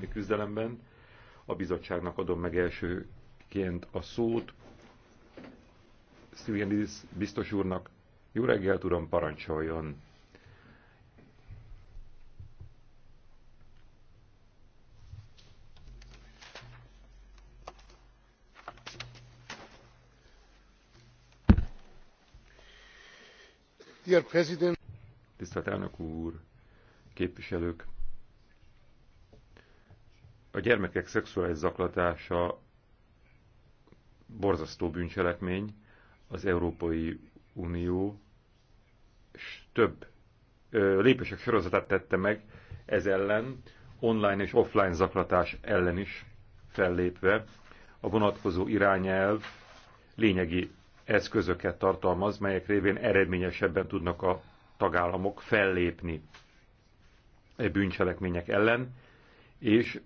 mostani küzdelemben. A bizottságnak adom meg elsőként a szót. Szilianidis biztos úrnak, jó reggelt, uram, parancsoljon! Tisztelt elnök úr, képviselők! a gyermekek szexuális zaklatása borzasztó bűncselekmény, az Európai Unió több ö, lépések sorozatát tette meg ez ellen, online és offline zaklatás ellen is fellépve. A vonatkozó irányelv lényegi eszközöket tartalmaz, melyek révén eredményesebben tudnak a tagállamok fellépni e bűncselekmények ellen és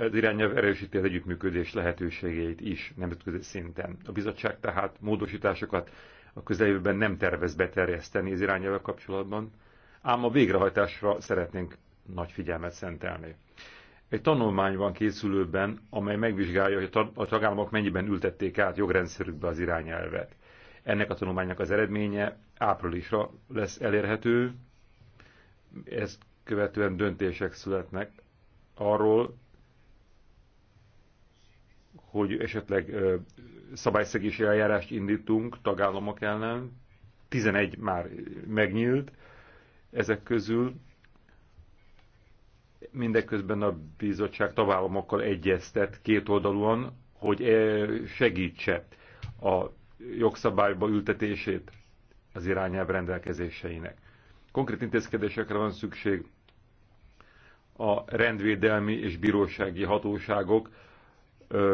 az irányelv erősíti az együttműködés lehetőségeit is nemzetközi szinten. A bizottság tehát módosításokat a közeljövőben nem tervez beterjeszteni az irányelvvel kapcsolatban, ám a végrehajtásra szeretnénk nagy figyelmet szentelni. Egy tanulmány van készülőben, amely megvizsgálja, hogy a tagállamok mennyiben ültették át jogrendszerükbe az irányelvet. Ennek a tanulmánynak az eredménye áprilisra lesz elérhető, ezt követően döntések születnek arról, hogy esetleg szabályszegési eljárást indítunk tagállamok ellen. 11 már megnyílt ezek közül. Mindeközben a bizottság tagállamokkal egyeztet kétoldalúan, hogy segítse a jogszabályba ültetését az irányelv rendelkezéseinek. Konkrét intézkedésekre van szükség a rendvédelmi és bírósági hatóságok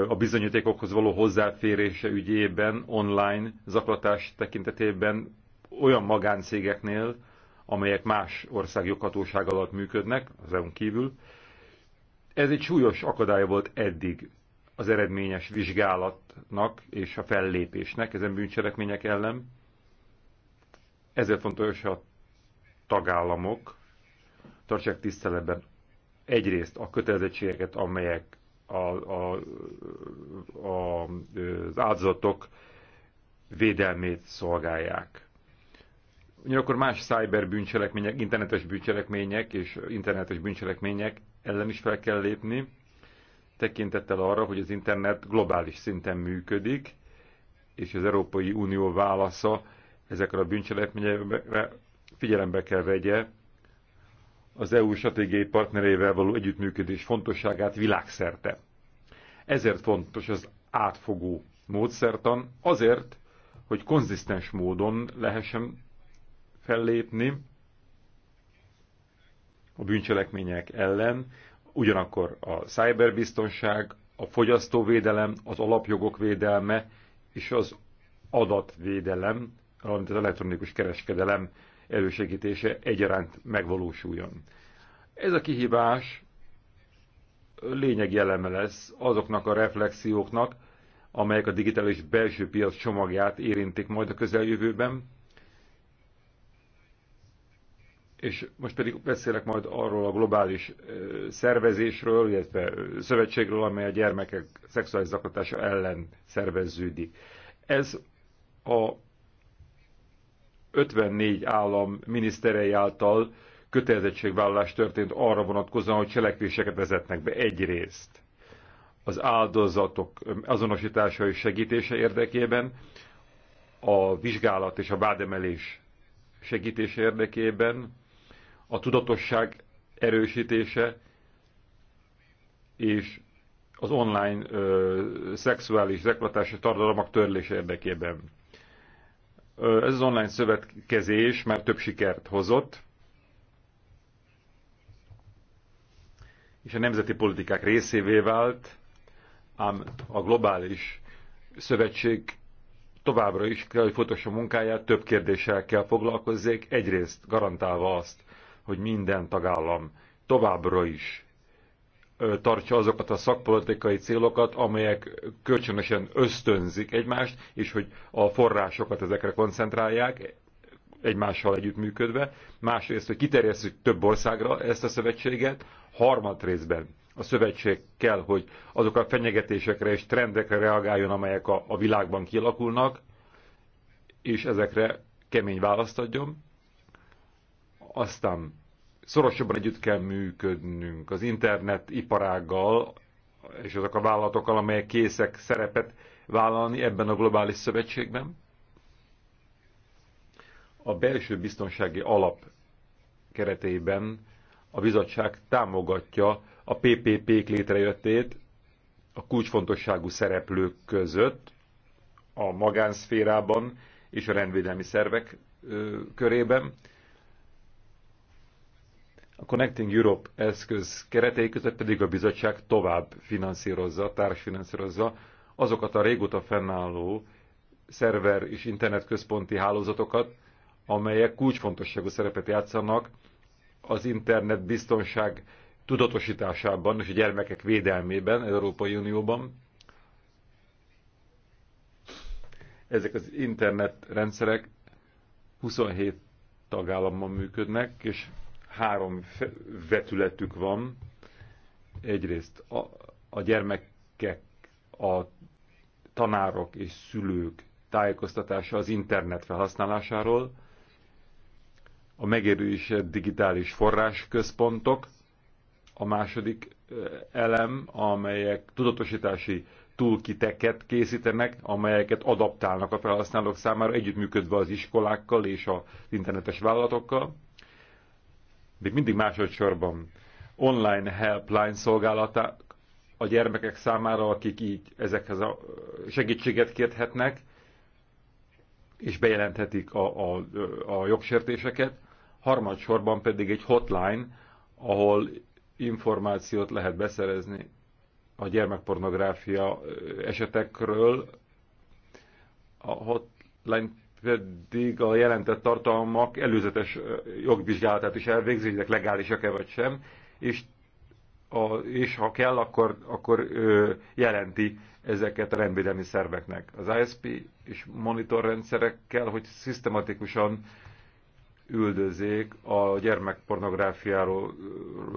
a bizonyítékokhoz való hozzáférése ügyében, online zaklatás tekintetében olyan magáncégeknél, amelyek más ország joghatóság alatt működnek, az EU-n kívül. Ez egy súlyos akadály volt eddig az eredményes vizsgálatnak és a fellépésnek ezen bűncselekmények ellen. Ezért fontos, hogy a tagállamok tartsák tiszteletben egyrészt a kötelezettségeket, amelyek a, a, a, az áldozatok védelmét szolgálják. Ugyanakkor más cyber bűncselekmények, internetes bűncselekmények és internetes bűncselekmények ellen is fel kell lépni, tekintettel arra, hogy az internet globális szinten működik, és az Európai Unió válasza ezekre a bűncselekményekre figyelembe kell vegye az EU stratégiai partnereivel való együttműködés fontosságát világszerte. Ezért fontos az átfogó módszertan, azért, hogy konzisztens módon lehessen fellépni a bűncselekmények ellen, ugyanakkor a szájberbiztonság, a fogyasztóvédelem, az alapjogok védelme és az adatvédelem, valamint az elektronikus kereskedelem elősegítése egyaránt megvalósuljon. Ez a kihívás lényegi eleme lesz azoknak a reflexióknak, amelyek a digitális belső piac csomagját érintik majd a közeljövőben. És most pedig beszélek majd arról a globális szervezésről, illetve szövetségről, amely a gyermekek szexuális zaklatása ellen szerveződik. Ez a 54 állam miniszterei által kötelezettségvállalás történt arra vonatkozóan, hogy cselekvéseket vezetnek be egyrészt az áldozatok azonosítása és segítése érdekében, a vizsgálat és a vádemelés segítése érdekében, a tudatosság erősítése és az online ö, szexuális zeklatási tartalmak törlése érdekében. Ez az online szövetkezés már több sikert hozott, és a nemzeti politikák részévé vált, ám a globális szövetség továbbra is kell, hogy fontos a munkáját, több kérdéssel kell foglalkozzék, egyrészt garantálva azt, hogy minden tagállam továbbra is tartja azokat a szakpolitikai célokat, amelyek kölcsönösen ösztönzik egymást, és hogy a forrásokat ezekre koncentrálják, egymással együttműködve. Másrészt, hogy kiterjesszük több országra ezt a szövetséget. Harmad részben a szövetség kell, hogy azok a fenyegetésekre és trendekre reagáljon, amelyek a, a világban kialakulnak, és ezekre kemény választ adjon. Aztán Szorosabban együtt kell működnünk az internet iparággal és azok a vállalatokkal, amelyek készek szerepet vállalni ebben a globális szövetségben. A belső biztonsági alap keretében a bizottság támogatja a PPP-k létrejöttét a kulcsfontosságú szereplők között, a magánszférában és a rendvédelmi szervek körében, a Connecting Europe eszköz keretei között pedig a bizottság tovább finanszírozza, társfinanszírozza azokat a régóta fennálló szerver és internetközponti hálózatokat, amelyek kulcsfontosságú szerepet játszanak az internet biztonság tudatosításában és a gyermekek védelmében az Európai Unióban. Ezek az internetrendszerek 27 tagállamban működnek, és három vetületük van. Egyrészt a, a gyermekek, a tanárok és szülők tájékoztatása az internet felhasználásáról, a megérősebb digitális forrásközpontok, a második elem, amelyek tudatosítási túlkiteket készítenek, amelyeket adaptálnak a felhasználók számára, együttműködve az iskolákkal és az internetes vállalatokkal még mindig másodszorban online helpline szolgálaták a gyermekek számára, akik így ezekhez a segítséget kérhetnek, és bejelenthetik a, a, a jogsértéseket. Harmadsorban pedig egy hotline, ahol információt lehet beszerezni a gyermekpornográfia esetekről. A hotline pedig a jelentett tartalmak előzetes jogvizsgálatát is elvégzi, ezek legálisak-e vagy sem, és, a, és ha kell, akkor, akkor ö, jelenti ezeket a rendvédelmi szerveknek. Az ISP és monitorrendszerekkel, hogy szisztematikusan üldözzék a gyermekpornográfiáról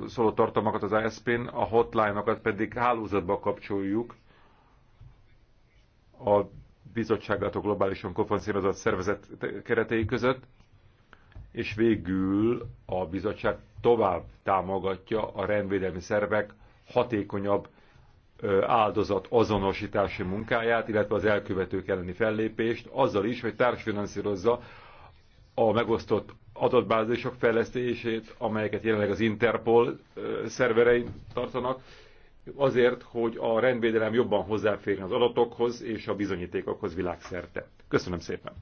szóló tartalmakat az ISP-n, a hotline-okat pedig hálózatba kapcsoljuk a a globálisan konferenciázott szervezet keretei között, és végül a bizottság tovább támogatja a rendvédelmi szervek hatékonyabb áldozat azonosítási munkáját, illetve az elkövetők elleni fellépést, azzal is, hogy társfinanszírozza a megosztott adatbázisok fejlesztését, amelyeket jelenleg az Interpol szerverein tartanak, azért, hogy a rendvédelem jobban hozzáférjen az adatokhoz és a bizonyítékokhoz világszerte. Köszönöm szépen!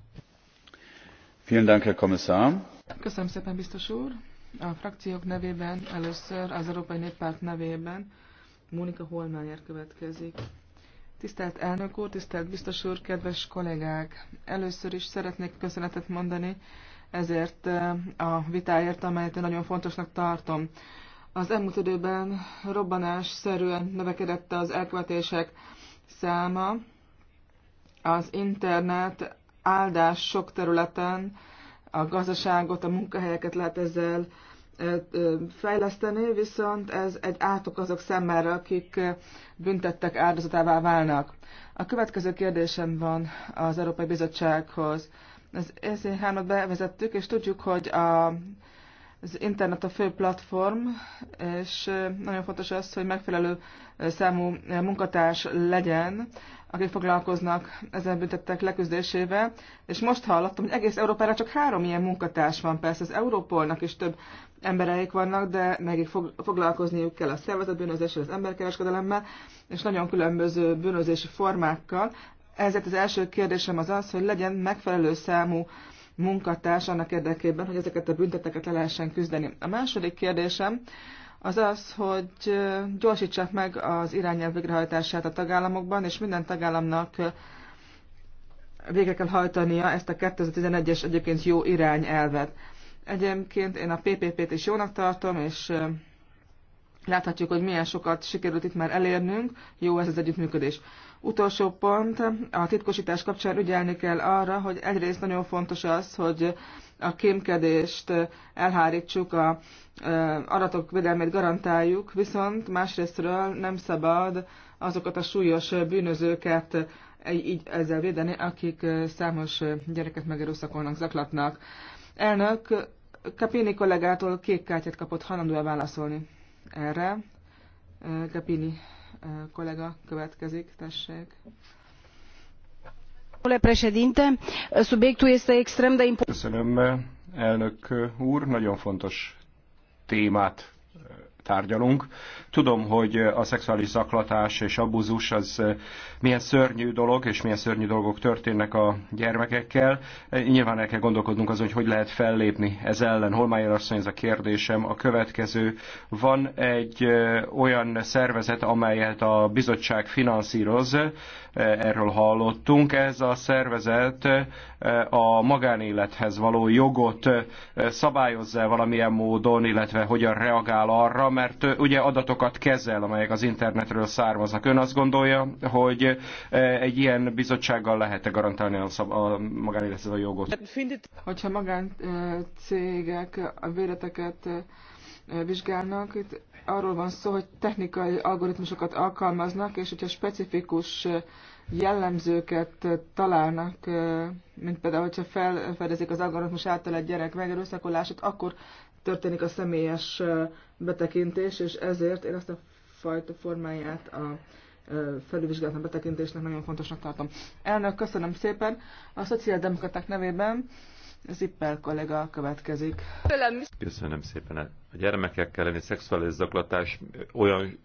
Vielen Dank, Herr Kommissar. Köszönöm szépen, biztos úr! A frakciók nevében először az Európai Néppárt nevében Mónika Holmeyer következik. Tisztelt elnök úr, tisztelt biztos úr, kedves kollégák! Először is szeretnék köszönetet mondani ezért eh, a vitáért, amelyet nagyon fontosnak tartom. Az elmúlt időben robbanásszerűen növekedett az elkövetések száma. Az internet áldás sok területen a gazdaságot, a munkahelyeket lehet ezzel fejleszteni, viszont ez egy átok azok szemmelre, akik büntettek áldozatává válnak. A következő kérdésem van az Európai Bizottsághoz. Az ECH-t bevezettük, és tudjuk, hogy a az internet a fő platform, és nagyon fontos az, hogy megfelelő számú munkatárs legyen, akik foglalkoznak ezen büntettek leküzdésével. És most hallottam, hogy egész Európára csak három ilyen munkatárs van. Persze az Európolnak is több embereik vannak, de nekik foglalkozniuk kell a szervezetbűnözéssel, az emberkereskedelemmel, és nagyon különböző bűnözési formákkal. Ezért az első kérdésem az az, hogy legyen megfelelő számú munkatárs annak érdekében, hogy ezeket a bünteteket le lehessen küzdeni. A második kérdésem az az, hogy gyorsítsák meg az irányelv végrehajtását a tagállamokban, és minden tagállamnak végre kell hajtania ezt a 2011-es egyébként jó irányelvet. Egyébként én a PPP-t is jónak tartom, és láthatjuk, hogy milyen sokat sikerült itt már elérnünk. Jó ez az együttműködés. Utolsó pont, a titkosítás kapcsán ügyelni kell arra, hogy egyrészt nagyon fontos az, hogy a kémkedést elhárítsuk, a adatok védelmét garantáljuk, viszont másrésztről nem szabad azokat a súlyos bűnözőket így ezzel védeni, akik számos gyereket megerőszakolnak, zaklatnak. Elnök Kapini kollégától kék kártyát kapott, hajlandó válaszolni erre? Kapini kollega következik, tessék. Köszönöm, elnök úr, nagyon fontos témát tárgyalunk. Tudom, hogy eh, a szexuális zaklatás és abuzus az eh, milyen szörnyű dolog, és milyen szörnyű dolgok történnek a gyermekekkel. Eh, nyilván el kell gondolkodnunk azon, hogy hogy lehet fellépni ez ellen. Holmájér asszony, ez a kérdésem. A következő, van egy olyan szervezet, amelyet a bizottság finanszíroz, erről hallottunk. Ez a szervezet a magánélethez való jogot szabályozza valamilyen módon, illetve hogyan reagál arra, mert ugye adatok adatokat kezel, amelyek az internetről származnak. Ön azt gondolja, hogy e, egy ilyen bizottsággal lehet-e garantálni a, szab- a magánéletre a jogot? Hogyha magáncégek e, a véleteket e, vizsgálnak, itt arról van szó, hogy technikai algoritmusokat alkalmaznak, és hogyha specifikus jellemzőket találnak, mint például, hogyha felfedezik az algoritmus által egy gyerek megerőszakolását, akkor történik a személyes betekintés, és ezért én ezt a fajta formáját a felülvizsgálatlan betekintésnek nagyon fontosnak tartom. Elnök, köszönöm szépen. A szociáldemokraták nevében Zippel kollega következik. Köszönöm szépen. A gyermekekkel elleni szexuális zaklatás olyan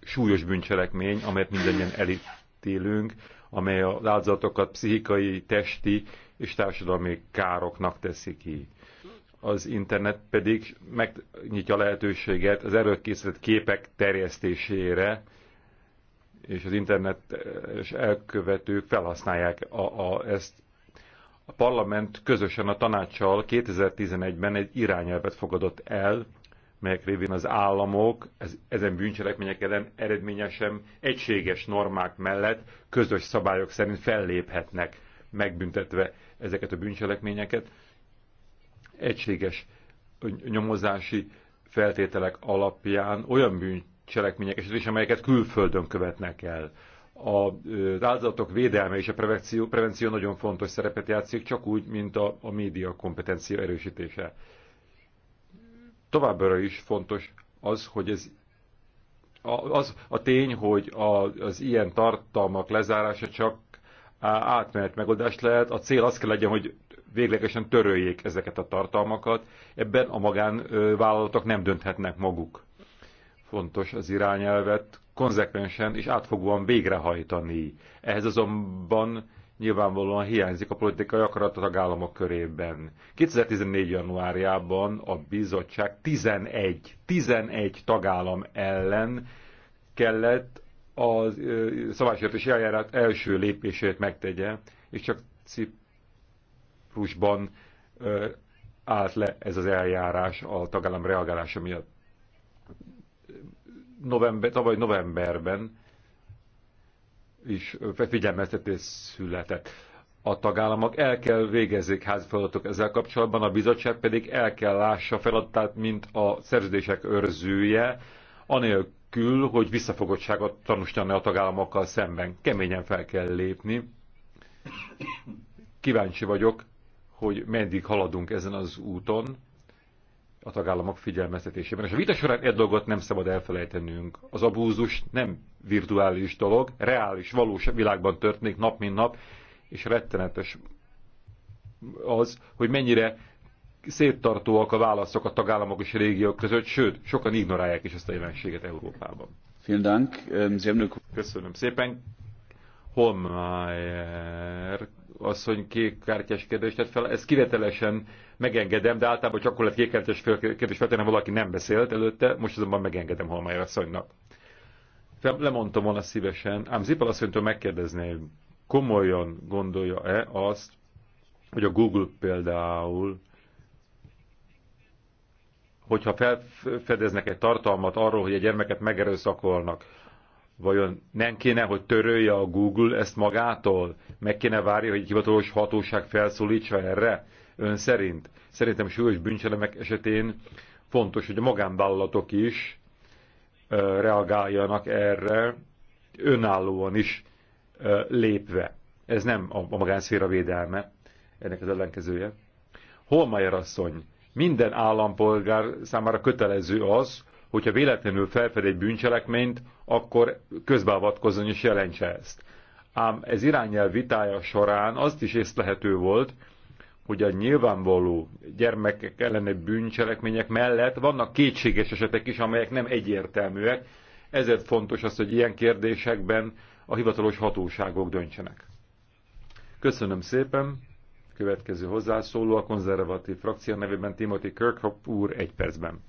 súlyos bűncselekmény, amelyet mindannyian elítélünk, amely az áldozatokat pszichikai, testi és társadalmi károknak teszi ki az internet pedig megnyitja a lehetőséget az erőkészített képek terjesztésére, és az internetes eh, elkövetők felhasználják a, a, ezt. A parlament közösen a tanácssal 2011-ben egy irányelvet fogadott el, melyek révén az államok ez, ezen bűncselekmények ellen eredményesen egységes normák mellett közös szabályok szerint felléphetnek, megbüntetve ezeket a bűncselekményeket egységes nyomozási feltételek alapján olyan bűncselekmények esetében, amelyeket külföldön követnek el. Az áldozatok védelme és a prevenció, prevenció nagyon fontos szerepet játszik, csak úgy, mint a, a média kompetencia erősítése. Továbbra is fontos az, hogy ez az a tény, hogy a, az ilyen tartalmak lezárása csak átmenet megoldást lehet. A cél az kell legyen, hogy véglegesen töröljék ezeket a tartalmakat. Ebben a magánvállalatok nem dönthetnek maguk. Fontos az irányelvet konzekvensen és átfogóan végrehajtani. Ehhez azonban nyilvánvalóan hiányzik a politikai akarat a tagállamok körében. 2014. januárjában a bizottság 11, 11 tagállam ellen kellett a szabálysértési eljárás első lépését megtegye, és csak Cip Ciprusban állt le ez az eljárás a tagállam reagálása miatt. November, tavaly novemberben is figyelmeztetés született. A tagállamok el kell végezzék házfeladatok ezzel kapcsolatban, a bizottság pedig el kell lássa feladatát, mint a szerződések őrzője, anélkül, hogy visszafogottságot tanúsítani a tagállamokkal szemben. Keményen fel kell lépni. Kíváncsi vagyok, hogy meddig haladunk ezen az úton, a tagállamok figyelmeztetésében. És a vita során egy dolgot nem szabad elfelejtenünk. Az abúzus nem virtuális dolog, reális, valós világban történik nap, mint nap, és rettenetes az, hogy mennyire széttartóak a válaszok a tagállamok és a régiók között, sőt, sokan ignorálják is ezt a jelenséget Európában. Ähm, Köszönöm szépen. Holmeyer asszony kék kártyás kérdést tett fel, ezt kivetelesen megengedem, de általában csak akkor lett kék kártyás fel, feltenni, valaki nem beszélt előtte, most azonban megengedem Halmájer asszonynak. Lemondtam volna szívesen, ám Zipal asszonytól megkérdezni, hogy komolyan gondolja-e azt, hogy a Google például hogyha felfedeznek egy tartalmat arról, hogy egy gyermeket megerőszakolnak, Vajon nem kéne, hogy törölje a Google ezt magától? Meg kéne várja, hogy egy hivatalos hatóság felszólítsa erre? Ön szerint? Szerintem súlyos bűncselemek esetén fontos, hogy a magánvállalatok is reagáljanak erre, önállóan is lépve. Ez nem a magánszféra védelme, ennek az ellenkezője. Holmeyer asszony, minden állampolgár számára kötelező az, hogyha véletlenül felfed egy bűncselekményt, akkor közbeavatkozzon és jelentse ezt. Ám ez irányel vitája során azt is észlehető volt, hogy a nyilvánvaló gyermekek elleni bűncselekmények mellett vannak kétséges esetek is, amelyek nem egyértelműek, ezért fontos az, hogy ilyen kérdésekben a hivatalos hatóságok döntsenek. Köszönöm szépen! Következő hozzászóló a konzervatív frakció nevében Timothy Kirkhope úr egy percben.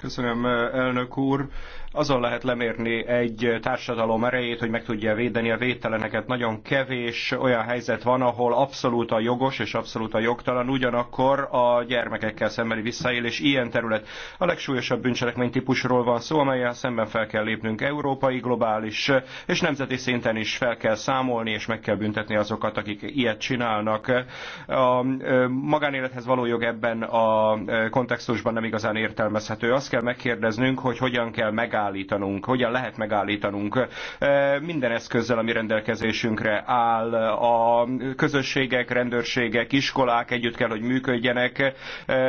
Köszönöm, elnök úr. Azon lehet lemérni egy társadalom erejét, hogy meg tudja védeni a védteleneket. Nagyon kevés olyan helyzet van, ahol abszolút a jogos és abszolút a jogtalan, ugyanakkor a gyermekekkel szembeni visszaélés ilyen terület. A legsúlyosabb bűncselekmény típusról van szó, amelyen szemben fel kell lépnünk európai, globális és nemzeti szinten is fel kell számolni, és meg kell büntetni azokat, akik ilyet csinálnak vannak. A magánélethez való jog ebben a kontextusban nem igazán értelmezhető. Azt kell megkérdeznünk, hogy hogyan kell megállítanunk, hogyan lehet megállítanunk minden eszközzel, ami rendelkezésünkre áll. A közösségek, rendőrségek, iskolák együtt kell, hogy működjenek,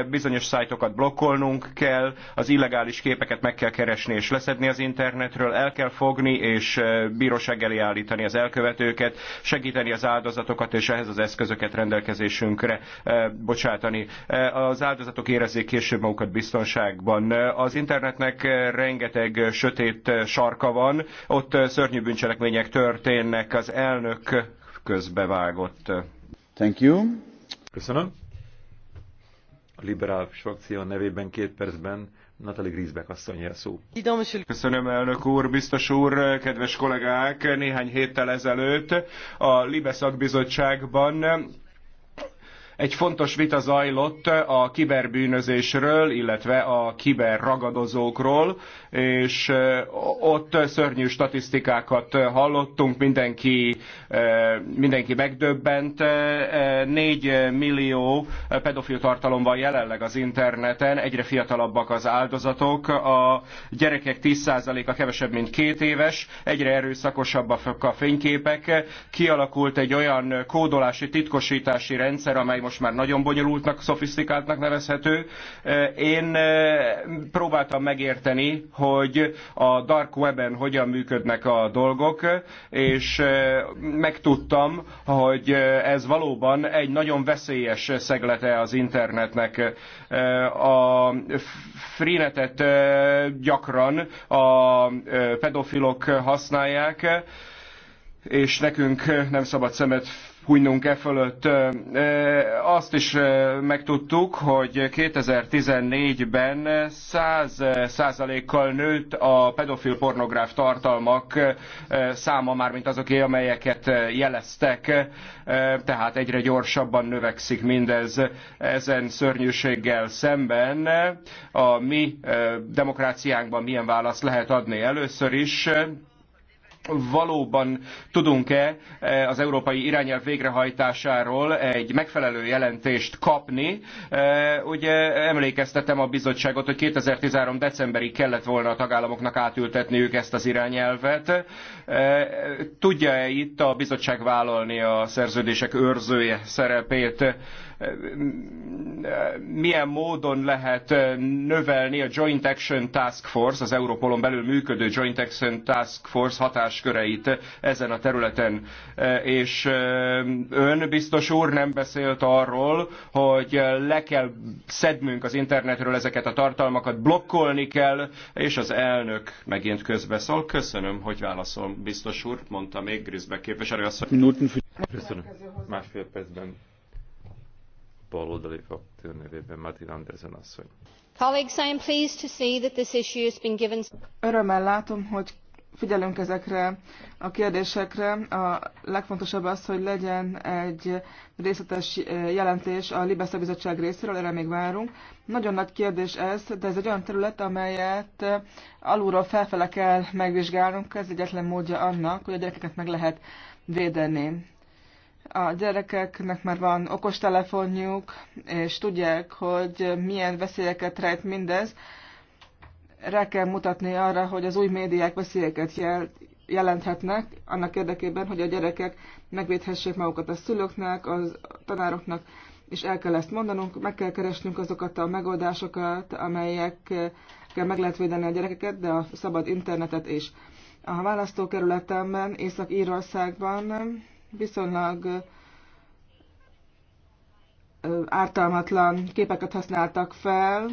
bizonyos szájtokat blokkolnunk kell, az illegális képeket meg kell keresni és leszedni az internetről, el kell fogni és bíróság elé állítani az elkövetőket, segíteni az áldozatokat, és ehhez az eszközöket eszközöket rendelkezésünkre eh, bocsátani. Eh, az áldozatok érezzék később magukat biztonságban. Eh, az internetnek rengeteg sötét sarka van, ott szörnyű bűncselekmények történnek, az elnök közbevágott. Thank you. Köszönöm. A liberál frakció nevében két percben Natali Grisbeck asszony szó. Köszönöm, elnök úr, biztos úr, kedves kollégák! Néhány héttel ezelőtt a Libe bizottságban. Egy fontos vita zajlott a kiberbűnözésről, illetve a kiberragadozókról, és ott szörnyű statisztikákat hallottunk, mindenki, mindenki megdöbbent. 4 millió pedofil tartalom van jelenleg az interneten, egyre fiatalabbak az áldozatok, a gyerekek 10%-a kevesebb, mint két éves, egyre erőszakosabbak a fényképek, kialakult egy olyan kódolási, titkosítási rendszer, amely most már nagyon bonyolultnak, szofisztikáltnak nevezhető. Én próbáltam megérteni, hogy a dark webben hogyan működnek a dolgok, és megtudtam, hogy ez valóban egy nagyon veszélyes szeglete az internetnek. A freenetet gyakran a pedofilok használják, és nekünk nem szabad szemet hunynunk e fölött. Azt is megtudtuk, hogy 2014-ben 100 kal nőtt a pedofil pornográf tartalmak száma, mármint azoké, amelyeket jeleztek, tehát egyre gyorsabban növekszik mindez ezen szörnyűséggel szemben. A mi demokráciánkban milyen választ lehet adni először is? valóban tudunk-e e, az európai irányelv végrehajtásáról egy megfelelő jelentést kapni. E, ugye emlékeztetem a bizottságot, hogy 2013. decemberig kellett volna a tagállamoknak átültetniük ezt az irányelvet. E, tudja-e itt a bizottság vállalni a szerződések őrzője szerepét? milyen módon lehet növelni a Joint Action Task Force, az Europolon belül működő Joint Action Task Force hatását hatásköreit ezen a területen. E, és e, ön biztos úr nem beszélt arról, hogy le kell szednünk az internetről ezeket a tartalmakat, blokkolni kell, és az elnök megint közbeszól. Köszönöm, hogy válaszol, biztos úr, mondta még Grisbe képviselő asszony. Köszönöm. Másfél percben baloldali frakció nevében Martin Andersen asszony. Colleagues, I am pleased to see that this issue has been given. Örömmel látom, hogy figyelünk ezekre a kérdésekre. A legfontosabb az, hogy legyen egy részletes jelentés a Libesza Bizottság részéről, erre még várunk. Nagyon nagy kérdés ez, de ez egy olyan terület, amelyet alulról felfele kell megvizsgálnunk, ez egyetlen módja annak, hogy a gyerekeket meg lehet védeni. A gyerekeknek már van okostelefonjuk, és tudják, hogy milyen veszélyeket rejt mindez, rá kell mutatni arra, hogy az új médiák veszélyeket jel, jelenthetnek, annak érdekében, hogy a gyerekek megvédhessék magukat a szülőknek, az tanároknak, és el kell ezt mondanunk, meg kell keresnünk azokat a megoldásokat, amelyekkel meg lehet védeni a gyerekeket, de a szabad internetet is. A választókerületemben, Észak-Írországban viszonylag ártalmatlan képeket használtak fel,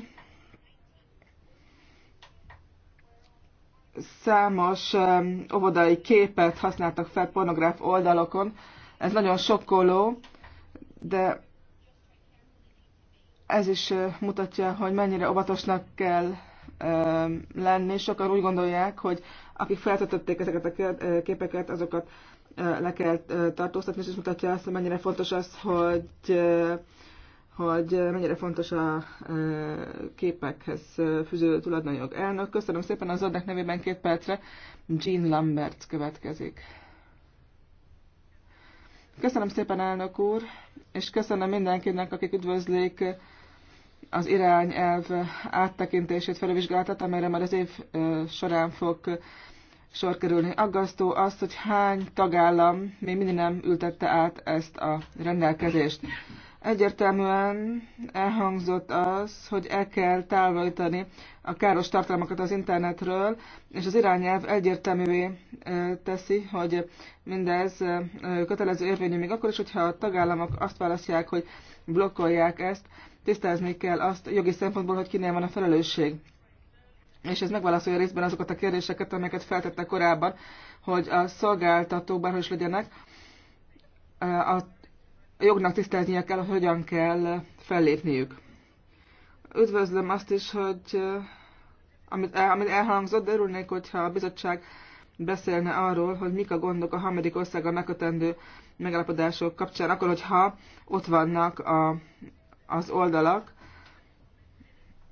számos óvodai képet használtak fel pornográf oldalokon. Ez nagyon sokkoló, de ez is mutatja, hogy mennyire óvatosnak kell lenni. Sokan úgy gondolják, hogy akik feltöltötték ezeket a képeket, azokat le kell tartóztatni, és ez mutatja azt, hogy mennyire fontos az, hogy hogy mennyire fontos a képekhez fűződő tulajdonjog elnök. Köszönöm szépen az adnak nevében két percre. Jean Lambert következik. Köszönöm szépen, elnök úr, és köszönöm mindenkinek, akik üdvözlék az irányelv áttekintését, felvizsgáltat, amelyre már az év során fog sor kerülni. Aggasztó az, hogy hány tagállam még mindig nem ültette át ezt a rendelkezést. Egyértelműen elhangzott az, hogy el kell távolítani a káros tartalmakat az internetről, és az irányelv egyértelművé teszi, hogy mindez kötelező érvényű még akkor is, hogyha a tagállamok azt választják, hogy blokkolják ezt, tisztázni kell azt jogi szempontból, hogy kinél van a felelősség. És ez megválaszolja részben azokat a kérdéseket, amelyeket feltette korábban, hogy a szolgáltatók bárhol is legyenek, a a jognak tisztelnie kell, hogy hogyan kell fellépniük. Üdvözlöm azt is, hogy amit, el, amit elhangzott, de örülnék, hogyha a bizottság beszélne arról, hogy mik a gondok a harmadik országgal megkötendő megállapodások kapcsán, akkor, hogyha ott vannak a, az oldalak.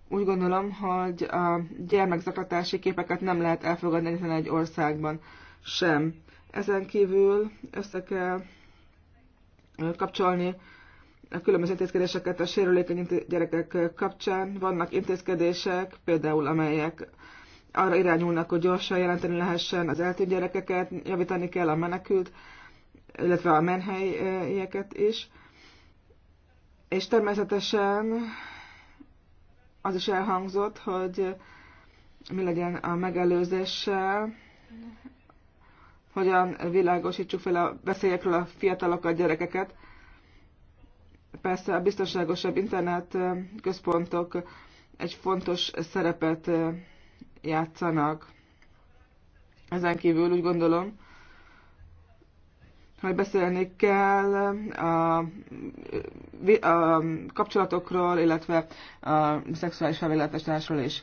Úgy gondolom, hogy a gyermekzaklatási képeket nem lehet elfogadni egy országban sem. Ezen kívül össze kell kapcsolni a különböző intézkedéseket a sérülékeny gyerekek kapcsán. Vannak intézkedések, például amelyek arra irányulnak, hogy gyorsan jelenteni lehessen az eltűnt gyerekeket, javítani kell a menekült, illetve a menhelyeket is. És természetesen az is elhangzott, hogy mi legyen a megelőzéssel, hogyan világosítsuk fel a veszélyekről a fiatalokat, gyerekeket. Persze a biztonságosabb internet központok egy fontos szerepet játszanak. Ezen kívül úgy gondolom, hogy beszélni kell a, a kapcsolatokról, illetve a szexuális felvilágosításról is.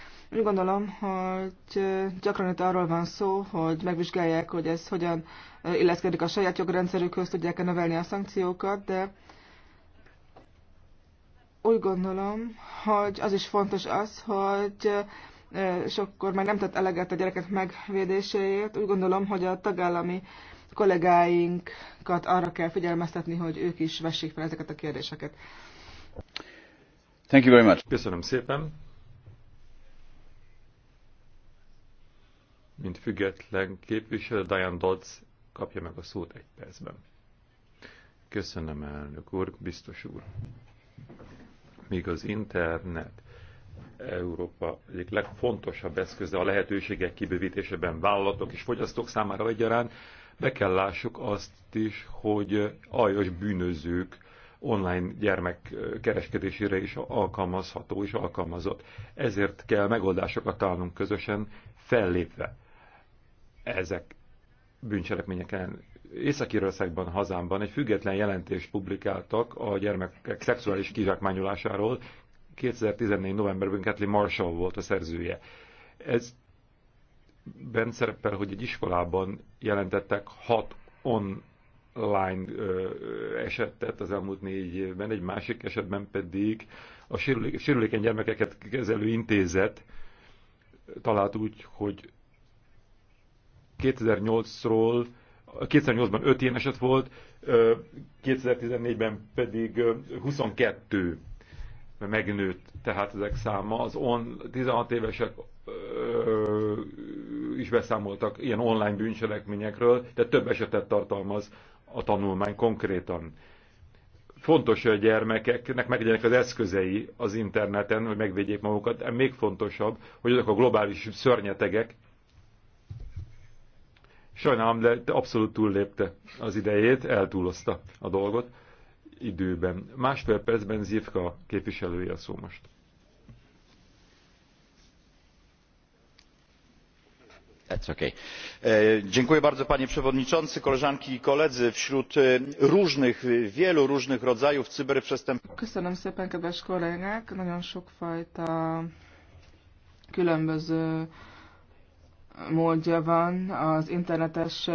Úgy gondolom, hogy gyakran itt arról van szó, hogy megvizsgálják, hogy ez hogyan illeszkedik a saját jogrendszerükhöz, tudják-e növelni a szankciókat, de úgy gondolom, hogy az is fontos az, hogy sokkor már nem tett eleget a gyerekek megvédéséért. Úgy gondolom, hogy a tagállami kollégáinkat arra kell figyelmeztetni, hogy ők is vessék fel ezeket a kérdéseket. Thank you very much. Köszönöm szépen. mint független képviselő Diane Dodds kapja meg a szót egy percben. Köszönöm, elnök úr, biztos úr. Míg az internet Európa egyik legfontosabb eszköze a lehetőségek kibővítésében vállalatok és fogyasztók számára egyaránt, be kell lássuk azt is, hogy aljas bűnözők online gyermekkereskedésére is alkalmazható és alkalmazott. Ezért kell megoldásokat találnunk közösen, fellépve ezek bűncselekmények ellen. Észak-Írországban, hazámban egy független jelentést publikáltak a gyermekek szexuális kizsákmányolásáról. 2014. novemberben Kathleen Marshall volt a szerzője. Ez bent szerepel, hogy egy iskolában jelentettek hat online esetet az elmúlt négy évben, egy másik esetben pedig a sérülékeny gyermekeket kezelő intézet talált úgy, hogy 2008-ról 2008-ban 5 ilyen eset volt, 2014-ben pedig 22 megnőtt tehát ezek száma. Az on, 16 évesek ö, is beszámoltak ilyen online bűncselekményekről, de több esetet tartalmaz a tanulmány konkrétan. Fontos, hogy a gyermekeknek meglegyenek az eszközei az interneten, hogy megvédjék magukat, de még fontosabb, hogy azok a globális szörnyetegek, Sajnálom, de abszolút túllépte az idejét, eltúlozta a dolgot időben. Másfél percben Zivka képviselője a szó most. okay. E, dziękuję bardzo panie przewodniczący! koleżanki i koledzy! wśród e, różnych wielu różnych rodzajów cyberprzestępstw... Köszönöm szépen, kedves kollégák. nagyon sok fajta különböző módja van az internetes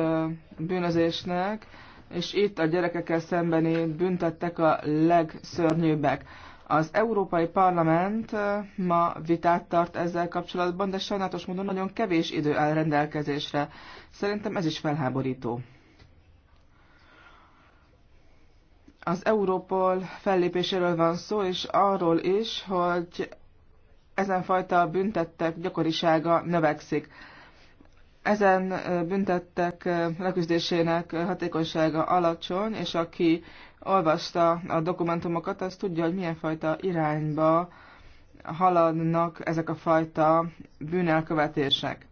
bűnözésnek, és itt a gyerekekkel szembeni büntettek a legszörnyűbbek. Az Európai Parlament ma vitát tart ezzel kapcsolatban, de sajnálatos módon nagyon kevés idő áll rendelkezésre. Szerintem ez is felháborító. Az Európol fellépéséről van szó, és arról is, hogy ezen fajta büntettek gyakorisága növekszik. Ezen büntettek leküzdésének hatékonysága alacsony, és aki olvasta a dokumentumokat, az tudja, hogy milyen fajta irányba haladnak ezek a fajta bűnelkövetések.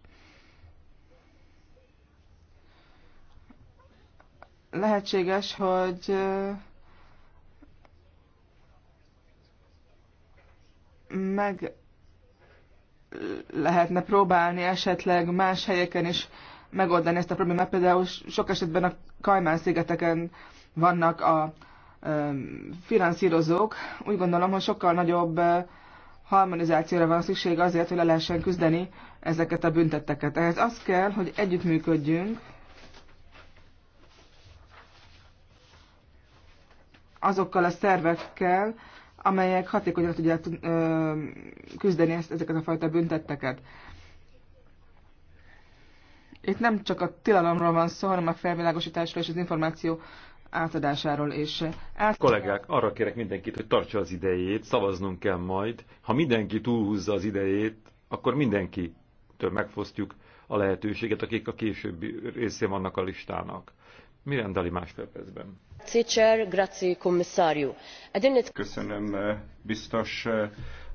Lehetséges, hogy meg lehetne próbálni esetleg más helyeken is megoldani ezt a problémát. Például sok esetben a Kajmán-szigeteken vannak a finanszírozók. Úgy gondolom, hogy sokkal nagyobb eh, harmonizációra van szükség azért, hogy le lehessen küzdeni ezeket a büntetteket. Ehhez az kell, hogy együttműködjünk azokkal a szervekkel, amelyek hatékonyan tudják küzdeni ezt, ezeket a fajta büntetteket. Itt nem csak a tilalomról van szó, hanem a felvilágosításról és az információ átadásáról is. Át... Kollégák, arra kérek mindenkit, hogy tartsa az idejét, szavaznunk kell majd. Ha mindenki túlhúzza az idejét, akkor mindenkitől megfosztjuk a lehetőséget, akik a későbbi részén vannak a listának. Mirandali másfél percben. Köszönöm, eh, biztos eh,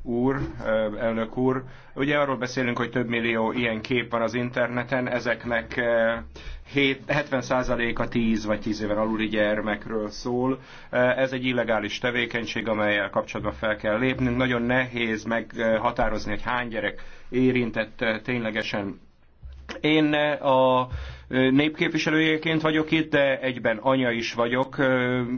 úr, eh, elnök úr. Ugye arról beszélünk, hogy több millió ilyen kép van az interneten, ezeknek 70%-a 10 vagy 10 éven aluli gyermekről szól. Ez egy illegális tevékenység, amelyel kapcsolatban fel kell lépnünk. Nagyon nehéz meghatározni, hogy hány gyerek érintett ténylegesen. Én a népképviselőjeként vagyok itt, de egyben anya is vagyok.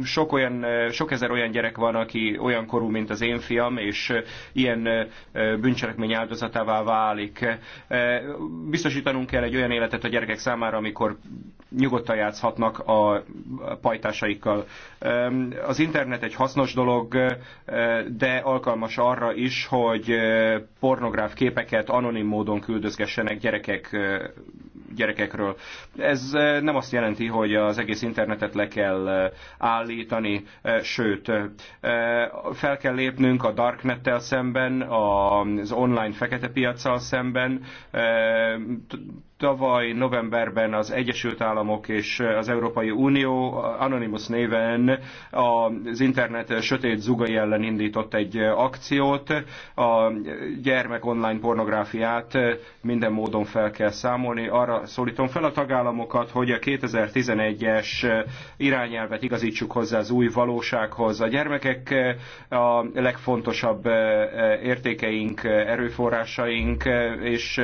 Sok, olyan, sok ezer olyan gyerek van, aki olyan korú, mint az én fiam, és ilyen bűncselekmény áldozatává válik. Biztosítanunk kell egy olyan életet a gyerekek számára, amikor nyugodtan játszhatnak a pajtásaikkal. Az internet egy hasznos dolog, de alkalmas arra is, hogy pornográf képeket anonim módon küldözgessenek gyerekek gyerekekről. Ez eh, nem azt jelenti, hogy az egész internetet le kell eh, állítani, eh, sőt, fel kell lépnünk a darknettel szemben, az online fekete piacsal szemben, Tavaly novemberben az Egyesült Államok és az Európai Unió Anonymous néven az internet sötét zugai ellen indított egy akciót. A gyermek online pornográfiát minden módon fel kell számolni. Arra szólítom fel a tagállamokat, hogy a 2011-es irányelvet igazítsuk hozzá az új valósághoz. A gyermekek a legfontosabb értékeink, erőforrásaink, és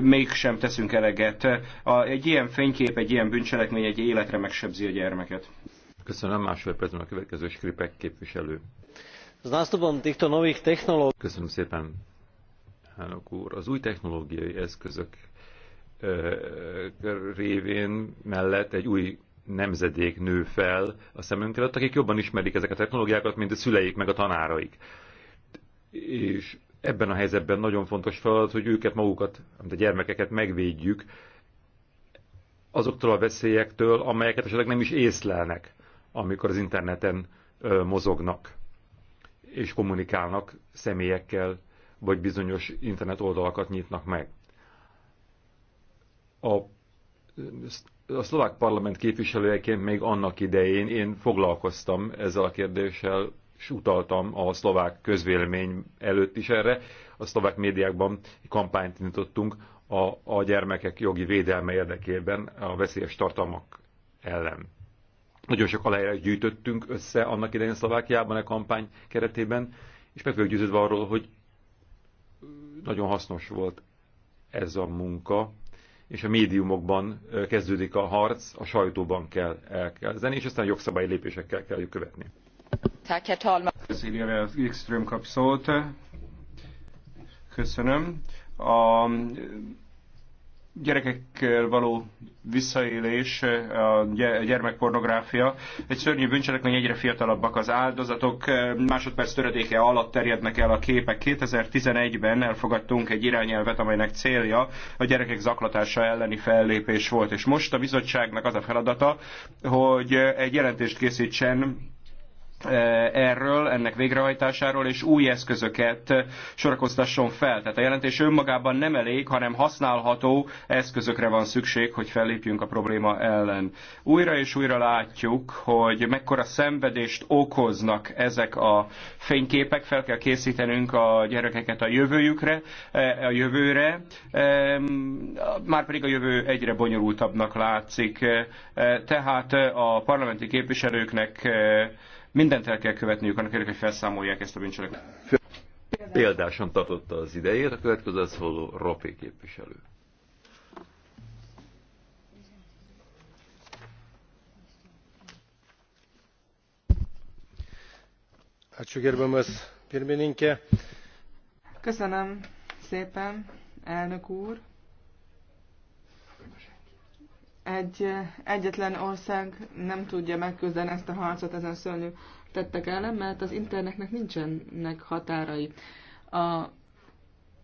mégsem teszünk teszünk eleget. A, egy ilyen fénykép, egy ilyen bűncselekmény egy életre megsebzi a gyermeket. Köszönöm, másfél percben a következő skripek képviselő. S nástupom týchto nových technológií... Köszönöm szépen, elnök úr. Az új technológiai eszközök révén mellett egy új nemzedék nő fel a szemünk előtt, akik jobban ismerik ezeket a technológiákat, mint a szüleik meg a tanáraik. És ebben a helyzetben nagyon fontos feladat, hogy őket magukat, a gyermekeket megvédjük azoktól a veszélyektől, amelyeket esetleg nem is észlelnek, amikor az interneten mozognak és kommunikálnak személyekkel, vagy bizonyos internet oldalakat nyitnak meg. A, a szlovák parlament képviselőjeként még annak idején én foglalkoztam ezzel a kérdéssel és utaltam a szlovák közvélemény előtt is erre. A szlovák médiákban kampányt nyitottunk a, a gyermekek jogi védelme érdekében a veszélyes tartalmak ellen. Nagyon sok aláírás gyűjtöttünk össze annak idején Szlovákiában a kampány keretében, és meg vagyok győződve arról, hogy nagyon hasznos volt ez a munka, és a médiumokban kezdődik a harc, a sajtóban kell elkezdeni, és aztán jogszabályi lépésekkel kell követni. Herr talman. Köszönöm. A gyerekekkel való visszaélés, a gyermekpornográfia. Egy szörnyű bűncselekmény egyre fiatalabbak az áldozatok, másodperc töredéke alatt terjednek el a képek. 2011-ben elfogadtunk egy irányelvet, amelynek célja a gyerekek zaklatása elleni fellépés volt, és most a bizottságnak az a feladata, hogy egy jelentést készítsen Eh, erről, ennek végrehajtásáról, és új eszközöket sorakoztasson fel. Tehát a jelentés önmagában nem elég, hanem használható eszközökre van szükség, hogy fellépjünk a probléma ellen. Újra és újra látjuk, hogy mekkora szenvedést okoznak ezek a fényképek, fel kell készítenünk a gyerekeket a jövőjükre, eh, a jövőre, márpedig a jövő egyre bonyolultabbnak látszik. Eh, tehát a parlamenti képviselőknek Mindent el kell követniük, annak érdekében, hogy felszámolják ezt a bűncselekményt. Példásan tartotta az idejét, a következő szóló Ropé képviselő. Köszönöm szépen, elnök úr! egy egyetlen ország nem tudja megküzdeni ezt a harcot ezen szörnyű tettek ellen, mert az internetnek nincsenek határai. A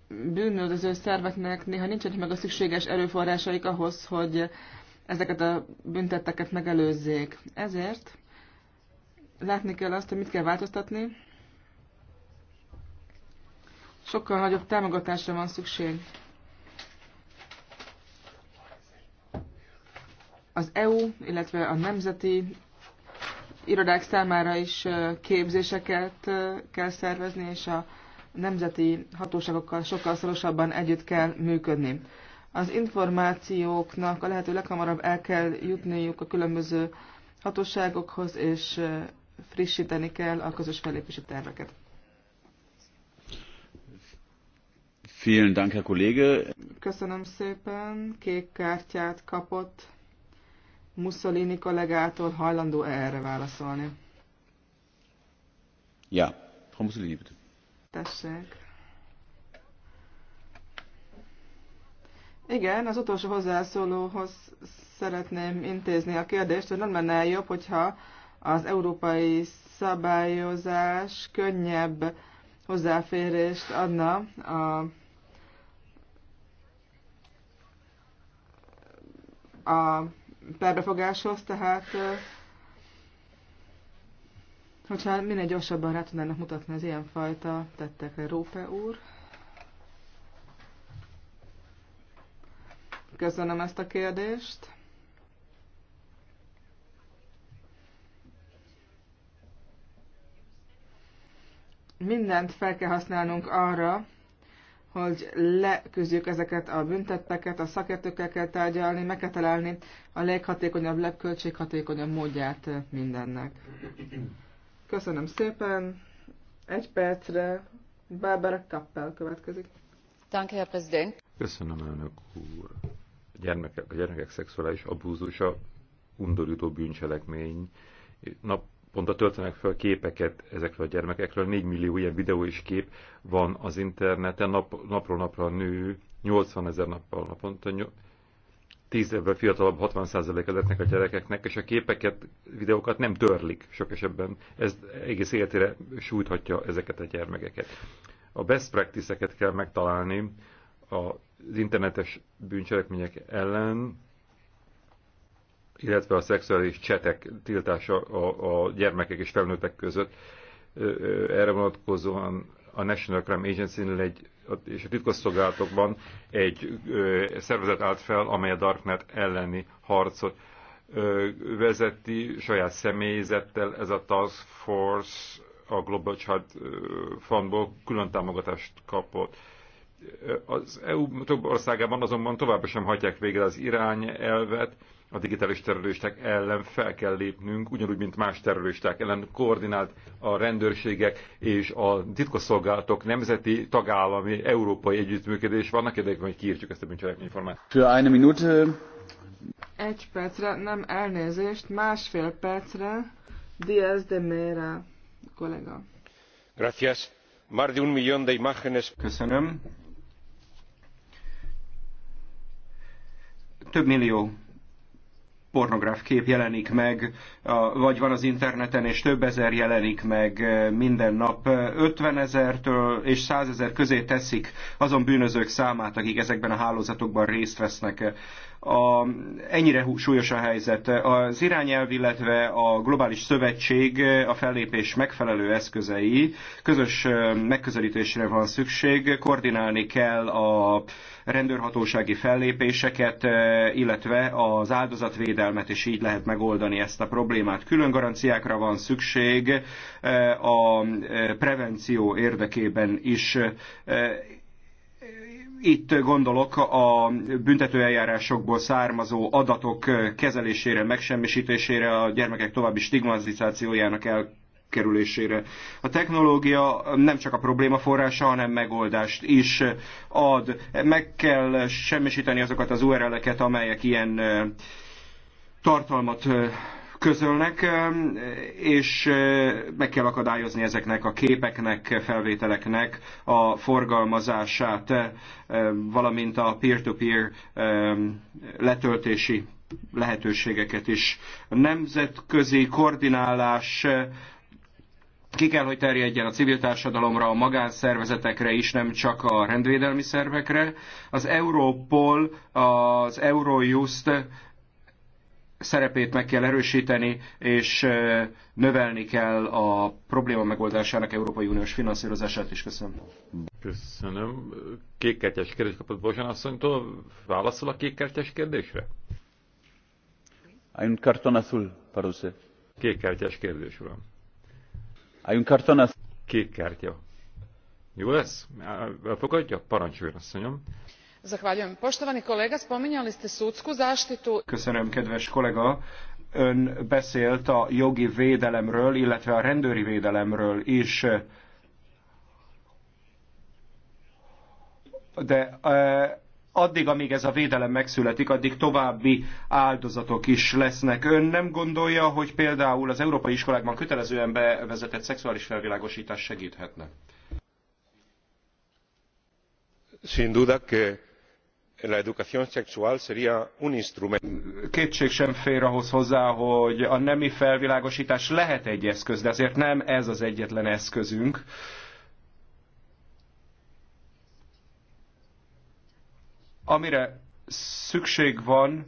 bűnöldöző szerveknek néha nincsenek meg a szükséges erőforrásaik ahhoz, hogy ezeket a büntetteket megelőzzék. Ezért látni kell azt, hogy mit kell változtatni. Sokkal nagyobb támogatásra van szükség. az EU, illetve a nemzeti irodák számára is képzéseket kell szervezni, és a nemzeti hatóságokkal sokkal szorosabban együtt kell működni. Az információknak a lehető leghamarabb el kell jutniuk a különböző hatóságokhoz, és frissíteni kell a közös fellépési terveket. Vielen Dank, Herr Kollege. Köszönöm szépen. Kék kártyát kapott Mussolini kollégától hajlandó -e erre válaszolni? Ja, Frau Mussolini, bitte. Tessék. Igen, az utolsó hozzászólóhoz szeretném intézni a kérdést, hogy nem lenne jobb, hogyha az európai szabályozás könnyebb hozzáférést adna a, a perbefogáshoz, tehát hogyha minél gyorsabban rá tudnának mutatni az ilyenfajta tettekre, Rópe úr. Köszönöm ezt a kérdést. Mindent fel kell használnunk arra, hogy leküzdjük ezeket a büntetteket, a szakértőkkel kell tárgyalni, meg kell találni a leghatékonyabb, legköltséghatékonyabb módját mindennek. Köszönöm szépen. Egy percre Barbara Kappel következik. Danke, Herr Präsident. Köszönöm, elnök úr. A gyermekek, a gyermekek szexuális abúzusa undorító bűncselekmény. Nap naponta töltenek fel képeket ezekről a gyermekekről. 4 millió ilyen videó és kép van az interneten, nap, napról napra nő, 80 ezer nappal naponta, 10 évvel fiatalabb 60%-a ezeknek a gyerekeknek, és a képeket, videókat nem törlik sok esetben. Ez egész életére sújthatja ezeket a gyermekeket. A best practice-eket kell megtalálni az internetes bűncselekmények ellen, illetve a szexuális csetek tiltása a, a gyermekek és felnőttek között. Erre vonatkozóan a National Crime Agency-nél egy, és a titkosszolgálatokban egy ö, szervezet állt fel, amely a Darknet elleni harcot ö, vezeti saját személyzettel. Ez a Task Force a Global Child Fundból külön támogatást kapott. Az EU több országában azonban továbbra sem hagyják végre az irányelvet, a digitális terroristák ellen fel kell lépnünk, ugyanúgy, mint más terroristák ellen koordinált a rendőrségek és a titkosszolgálatok nemzeti, tagállami, európai együttműködés vannak érdekében, hogy kiírtjuk ezt a bűncselekményformát. Egy percre, nem elnézést, másfél percre, Diaz de Mera, kollega. Gracias. Már de un millón de imágenes. Köszönöm. Több millió pornográf kép jelenik meg, vagy van az interneten, és több ezer jelenik meg e, minden nap. 50 ezertől és 100 ezer közé teszik azon bűnözők számát, akik ezekben a hálózatokban részt vesznek a, ennyire súlyos a helyzet. Az irányelv, illetve a globális szövetség a fellépés megfelelő eszközei, közös megközelítésre van szükség, koordinálni kell a rendőrhatósági fellépéseket, illetve az áldozatvédelmet, és így lehet megoldani ezt a problémát. Külön garanciákra van szükség a prevenció érdekében is. Itt gondolok a büntetőeljárásokból származó adatok kezelésére, megsemmisítésére, a gyermekek további stigmatizációjának elkerülésére. A technológia nem csak a probléma forrása, hanem megoldást is ad. Meg kell semmisíteni azokat az URL-eket, amelyek ilyen tartalmat közölnek, és eh, meg kell akadályozni ezeknek a képeknek, felvételeknek a forgalmazását, eh, valamint a peer-to-peer -peer letöltési lehetőségeket is. A nemzetközi koordinálás eh, ki kell, hogy terjedjen a civil társadalomra, a magánszervezetekre is, nem csak a rendvédelmi szervekre. Az Europol, az Eurojust szerepét meg kell erősíteni, és növelni kell a probléma megoldásának Európai Uniós finanszírozását is. Köszönöm. Köszönöm. Kékkártyás kérdés kapott Bozsán asszonytól. Válaszol a kékkártyás kérdésre? Hay un cartón azul para usted. kérdés, uram. Hay un azul. Kék kártya. Jó lesz? Elfogadja? Parancsoljon, asszonyom. Köszönöm, kedves kollega. Ön beszélt a jogi védelemről, illetve a rendőri védelemről is. De e, addig, amíg ez a védelem megszületik, addig további áldozatok is lesznek. Ön nem gondolja, hogy például az európai iskolákban kötelezően bevezetett szexuális felvilágostás segíthetne? Sin duda que la educación sexual sería un instrumento. Kétség sem fér ahhoz hozzá, hogy a nemi felvilágosítás lehet egy eszköz, de azért nem ez az egyetlen eszközünk. Amire szükség van,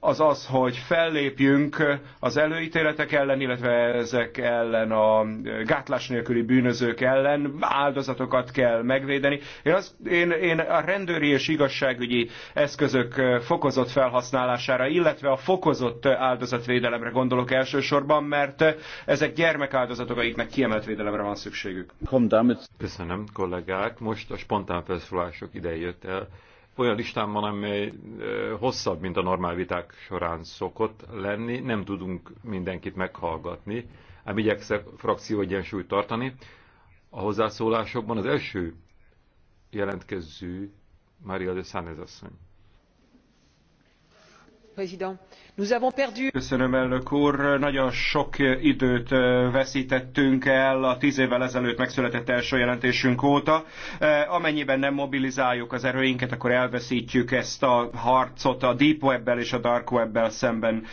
az az, hogy fellépjünk az előítéletek ellen, illetve ezek ellen a gátlás nélküli bűnözők ellen áldozatokat kell megvédeni. Én, az, én, én a rendőri és igazságügyi eszközök fokozott felhasználására, illetve a fokozott áldozatvédelemre gondolok elsősorban, mert ezek gyermekáldozatok, akiknek kiemelt védelemre van szükségük. Köszönöm, kollégák. Most a spontán felszólások ideje jött el olyan listán van, amely hosszabb, mint a normál viták során szokott lenni. Nem tudunk mindenkit meghallgatni, ám igyekszek frakció egyensúlyt tartani. A hozzászólásokban az első jelentkező Maria de Sánchez asszony. Köszönöm, elnök úr. Nagyon sok időt veszítettünk el a tíz évvel ezelőtt megszületett első jelentésünk óta. Amennyiben nem mobilizáljuk az erőinket, akkor elveszítjük ezt a harcot a Deep Web-bel és a Dark Web-bel szemben.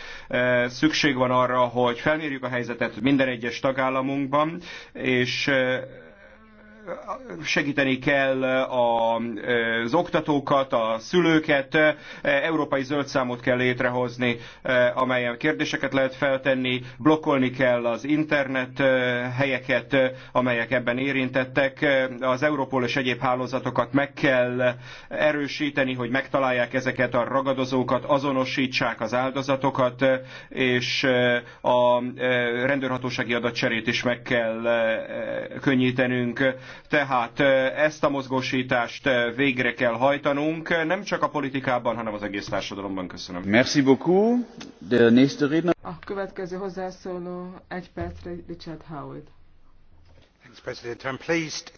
Szükség van arra, hogy felmérjük a helyzetet minden egyes tagállamunkban, és segíteni kell az oktatókat, a szülőket, európai zöld számot kell létrehozni, amelyen kérdéseket lehet feltenni, blokkolni kell az internet helyeket, amelyek ebben érintettek, az Europol és egyéb hálózatokat meg kell erősíteni, hogy megtalálják ezeket a ragadozókat, azonosítsák az áldozatokat, és a rendőrhatósági adatcserét is meg kell könnyítenünk tehát ezt a mozgósítást végre kell hajtanunk, nem csak a politikában, hanem az egész társadalomban. Köszönöm. Merci beaucoup. De nächste Redner. A következő hozzászóló egy percre Richard Howard. Thanks, President. I'm pleased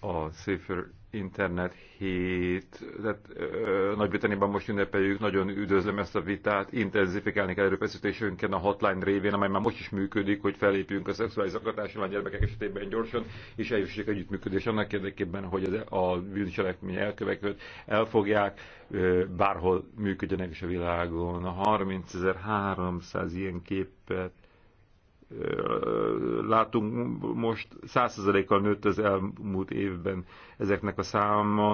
a Safer Internet 7, tehát Nagy-Britanniában most ünnepeljük, nagyon üdvözlöm ezt a vitát, intenzifikálni kell erőfeszítésünken a hotline révén, amely már most is működik, hogy felépjünk a szexuális zaklatásra a gyermekek esetében gyorsan, és eljussuk együttműködés annak érdekében, hogy az, e, a bűncselekmény elkövetőt elfogják, bárhol működjenek is a világon. A 30.300 ilyen képet látunk most százszerzelékkal nőtt az elmúlt évben ezeknek a száma.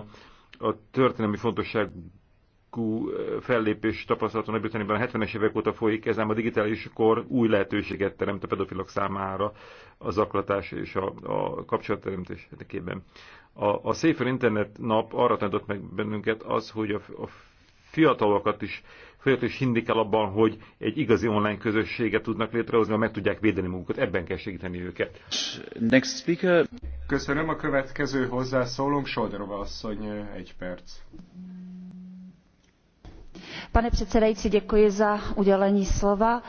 A történelmi fontosságú fellépés tapasztalata a a 70-es évek óta folyik, ez ám a digitális kor új lehetőséget teremt a pedofilok számára a zaklatás és a, a kapcsolatteremtés érdekében. A, a Safer Internet nap arra tanított meg bennünket az, hogy a, a fiatalokat is, fiatal is hinni kell abban, hogy egy igazi online közösséget tudnak létrehozni, ha meg tudják védeni magukat, ebben kell segíteni őket. Next speaker. Köszönöm a következő hozzászólónk, Soldorova asszony, egy perc. Pane předsedající, děkuji za udělení slova.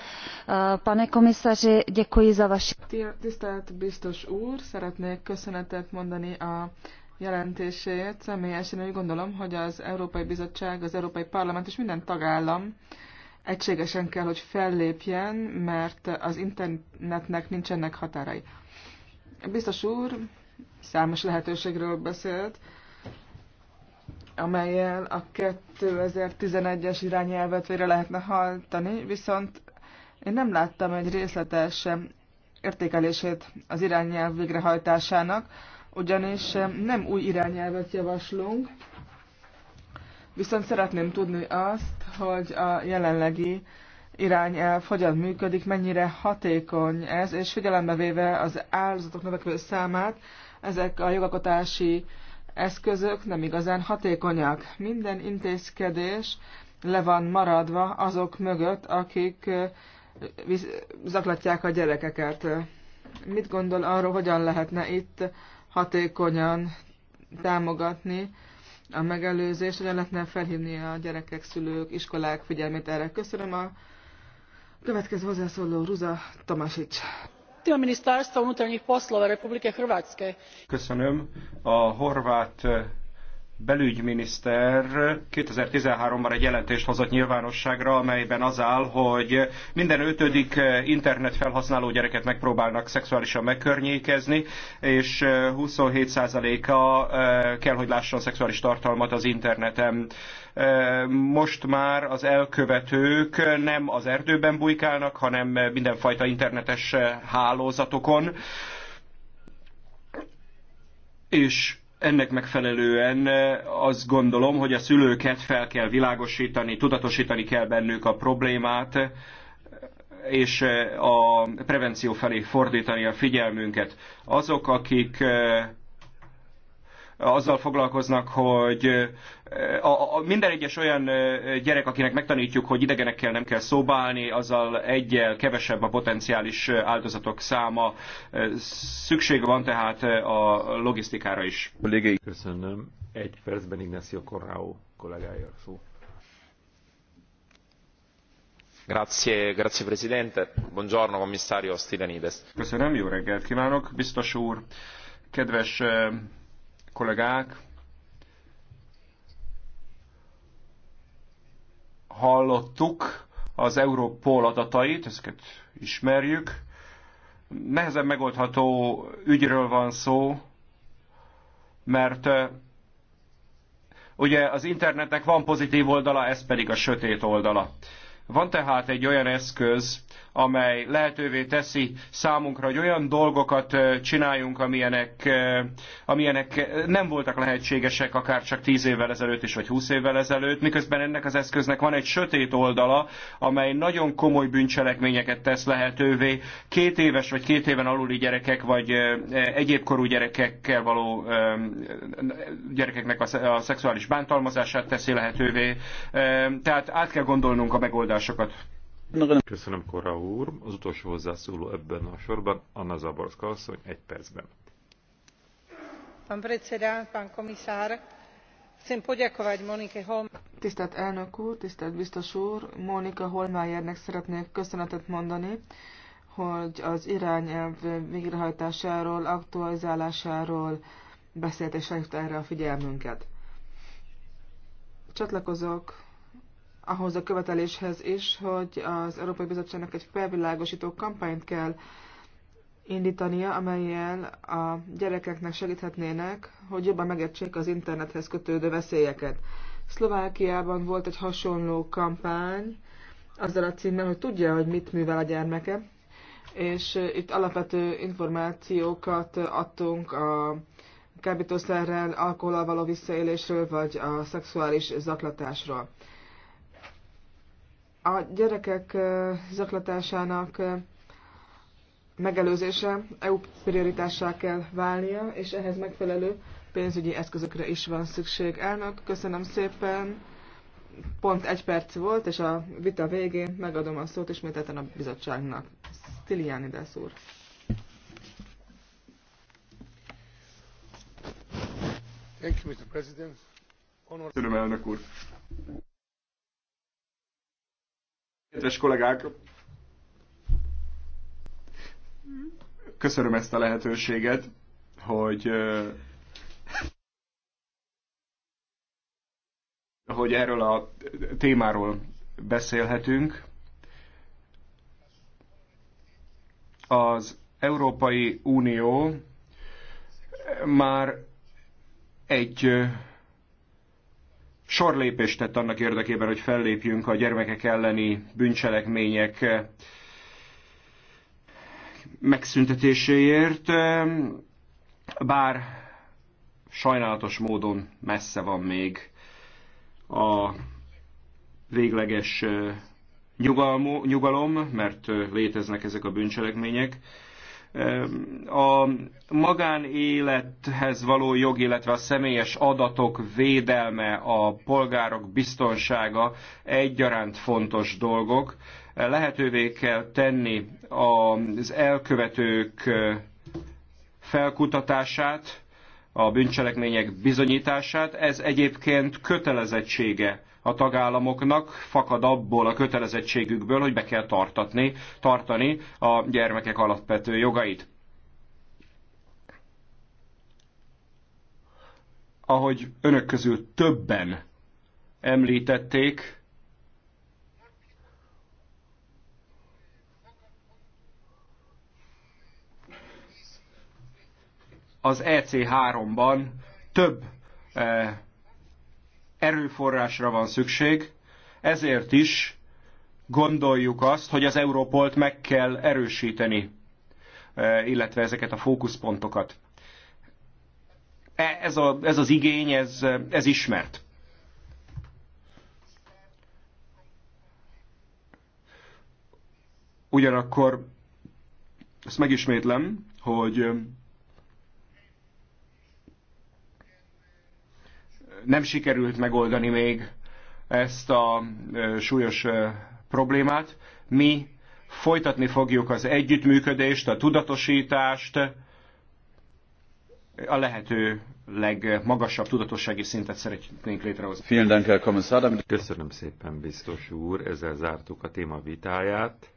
Pane komisaři, děkuji za vaši... Tisztelt biztos úr, szeretnék köszönetet mondani a jelentését. Személyesen úgy gondolom, hogy az Európai Bizottság, az Európai Parlament és minden tagállam egységesen kell, hogy fellépjen, mert az internetnek nincsenek határai. Biztos úr számos lehetőségről beszélt, amelyel a 2011-es irányelvet végre lehetne haltani, viszont én nem láttam egy részletes értékelését az irányelv végrehajtásának, ugyanis eh, nem új irányelvet javaslunk, viszont szeretném tudni azt, hogy a jelenlegi irányelv hogyan működik, mennyire hatékony ez, és figyelembe véve az áldozatok növekvő számát, ezek a jogalkotási eszközök nem igazán hatékonyak. Minden intézkedés le van maradva azok mögött, akik eh, zaklatják a gyerekeket. Mit gondol arról, hogyan lehetne itt hatékonyan támogatni a megelőzést, hogyan lehetne felhívni a gyerekek, szülők, iskolák figyelmét erre. Köszönöm a következő hozzászóló Ruza Tamasic. köszönöm a horvát belügyminiszter 2013-ban egy jelentést hozott nyilvánosságra, amelyben az áll, hogy minden ötödik internet felhasználó gyereket megpróbálnak szexuálisan megkörnyékezni, és 27%-a e, kell, hogy lásson szexuális tartalmat az interneten. E, most már az elkövetők nem az erdőben bujkálnak, hanem mindenfajta internetes hálózatokon. És ennek megfelelően eh, azt gondolom, hogy a szülőket fel kell világosítani, tudatosítani kell bennük a problémát, és eh, a prevenció felé fordítani a figyelmünket. Azok, akik eh, azzal foglalkoznak, hogy a, a minden egyes olyan gyerek, akinek megtanítjuk, hogy idegenekkel nem kell szóba állni, azzal egyel kevesebb a potenciális áldozatok száma. Szükség van tehát a logisztikára is. Köszönöm. Egy percben Ignacio Corrao kollégája szó. Grazie, grazie Presidente. Buongiorno, commissario Stylianides. Köszönöm, jó reggelt kívánok, biztos úr. Kedves kollégák, hallottuk az Európol adatait, ezeket ismerjük. Nehezen megoldható ügyről van szó, mert eh, ugye az internetnek van pozitív oldala, ez pedig a sötét oldala. Van tehát egy olyan eszköz, amely lehetővé teszi számunkra, hogy olyan dolgokat csináljunk, amilyenek, amilyenek nem voltak lehetségesek akár csak tíz évvel ezelőtt is, vagy 20 évvel ezelőtt, miközben ennek az eszköznek van egy sötét oldala, amely nagyon komoly bűncselekményeket tesz lehetővé két éves vagy két éven aluli gyerekek, vagy egyéb korú gyerekekkel való gyerekeknek a szexuális bántalmazását teszi lehetővé. Tehát át kell gondolnunk a megoldást tárgyalásokat. Köszönöm, Kora úr. Az utolsó hozzászóló ebben a sorban, Anna Zaborszka asszony, egy percben. Pán predseda, pán komisár, chcem poďakovať Monike Holm. Tisztelt elnök úr, tisztelt biztos úr, Monika Holmájernek szeretnék köszönetet mondani, hogy az irányelv végrehajtásáról, aktualizálásáról beszélt és erre a figyelmünket. Csatlakozok ahhoz a követeléshez is, hogy az Európai Bizottságnak egy felvilágosító kampányt kell indítania, amelyel a gyerekeknek segíthetnének, hogy jobban megértsék az internethez kötődő veszélyeket. Szlovákiában volt egy hasonló kampány, azzal a címmel, hogy tudja, hogy mit művel a gyermeke, és itt alapvető információkat adtunk a kábítószerrel, alkoholal való visszaélésről, vagy a szexuális zaklatásról. A gyerekek zaklatásának megelőzése EU prioritássá kell válnia, és ehhez megfelelő pénzügyi eszközökre is van szükség. Elnök, köszönöm szépen. Pont egy perc volt, és a vita végén megadom a szót ismételten a bizottságnak. Stilianides úr. Thank you, Mr. President. Honor... Köszönöm, elnök úr. Kedves kollégák, köszönöm ezt a lehetőséget, hogy hogy erről a témáról beszélhetünk. Az Európai Unió már egy sorlépést tett annak érdekében, hogy fellépjünk a gyermekek elleni bűncselekmények eh, megszüntetéséért, eh, bár sajnálatos módon messze van még a végleges eh, nyugalom, mert léteznek ezek a bűncselekmények. A magánélethez való jog, illetve a személyes adatok védelme, a polgárok biztonsága egyaránt fontos dolgok. Lehetővé kell tenni az elkövetők felkutatását, a bűncselekmények bizonyítását. Ez egyébként kötelezettsége a tagállamoknak fakad abból a kötelezettségükből, hogy be kell tartatni, tartani a gyermekek alapvető jogait. Ahogy önök közül többen említették, az EC3-ban több eh, erőforrásra van szükség, ezért is gondoljuk azt, hogy az Európolt meg kell erősíteni, e, illetve ezeket a fókuszpontokat. E, ez, a, ez az igény, ez, ez ismert. Ugyanakkor ezt megismétlem, hogy nem sikerült megoldani még ezt a súlyos problémát. Mi folytatni fogjuk az együttműködést, a tudatosítást, a lehető legmagasabb tudatossági szintet szeretnénk létrehozni. Köszönöm szépen, biztos úr, ezzel zártuk a téma vitáját.